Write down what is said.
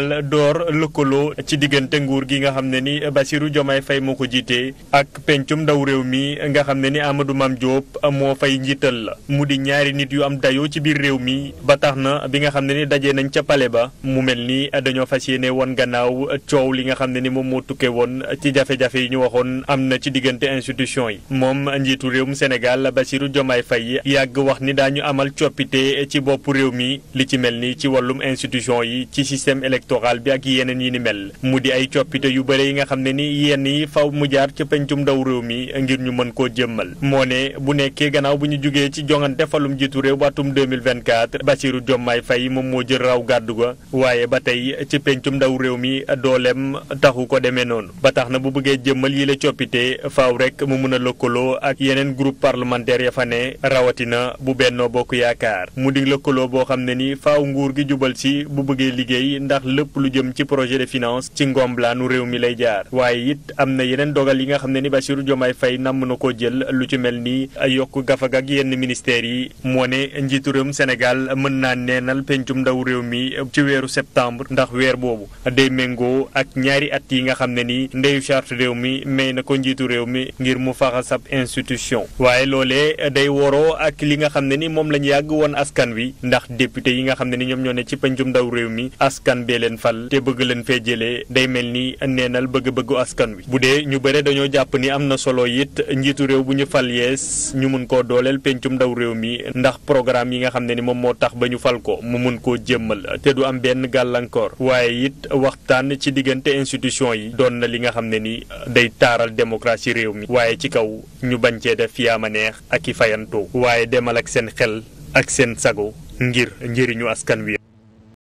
waral door lëkkaloo ci diggante nguur gi nga xam ne ni Bassirou Diomaye Faye moo ko jiitee ak pencum ndaw réew mi nga xam ne ni Amadou Mame Diop moo fay njiital la mu di ñaari nit yu am dayoo ci biir réew mi ba tax na bi nga xam ne ni dajee nañ ca pale ba mu mel ni dañoo fas yéene woon gannaaw coow li nga xam ne ni moom moo tukkee woon ci jafe-jafe yi ñu waxoon am na ci diggante institution yi moom njiitu réewum Sénégal Bassirou Diomaye Faye yàgg wax ni daañu amal coppite ci bopp réew mi li ci mel ni ci wàllum institution yi ci système électorale bi ak yeneen yi ni mel mu di ay coppite yu bëre yi nga xam ne ni yenn yi faw mu jaar ca pencum ndaw réew mi ngir ñu mën koo jëmmal moo ne bu nekkee gannaaw bu ñu jugee ci jongante falum jiitu réew watum 2024 Bassirou Diomaye Faye moom moo jël raw gàddu ga waaye ba tey ci pencum ndaw réew mi dooleem taxu ko demee noonu ba tax na bu bëggee jëmmal yi la coppite faaw rek mu mun a lëkkaloo ak yeneen groupe parlementaire ya fa ne rawatina bu bennoo bokk yaakaar lépp lu jëm ci projet de finance ci ngomblaanu réew mi lay jaar waaye it am na yeneen dogal yi nga xam ne ni Bassirou Diomaye Faye namm na koo jël lu ci mel ni yokk gafag ak yenn ministères yi moo ne njiitu réewum Sénégal mën naa neenal pencum ndaw réew mi ci weeru septembre ndax weer boobu day méngoo ak ñaari at yi nga xam ne ni ndeyu charte réew mi may na ko njiitu réew mi ngir mu faxas ab institution waaye loolee day woroo ak li nga xam ne ni moom lañu yàgg woon askan wi ndax député yi nga xam ne ni ñoom ñoo ne ci réew mi leen fal te bëgg leen fee jëlee day mel ni neenal bëgg-bëggu askan wi bu dee ñu bëre dañoo jàpp ni am na solo it njiitu réew bu ñu fal yees ñu mun koo dooleel pencum ndaw réew mi ndax programme yi nga xam ne ni moom moo tax ba ñu fal ko mu mun koo jëmmal te du am benn gàllankoor waaye it waxtaan ci diggante institution yi doon na li nga xam ne ni day taaral démocratie réew mi waaye ci kaw ñu bañ cee def yaama neex ak i fayantoo waaye demal ak seen xel ak seen sago ngir njëriñu askan wi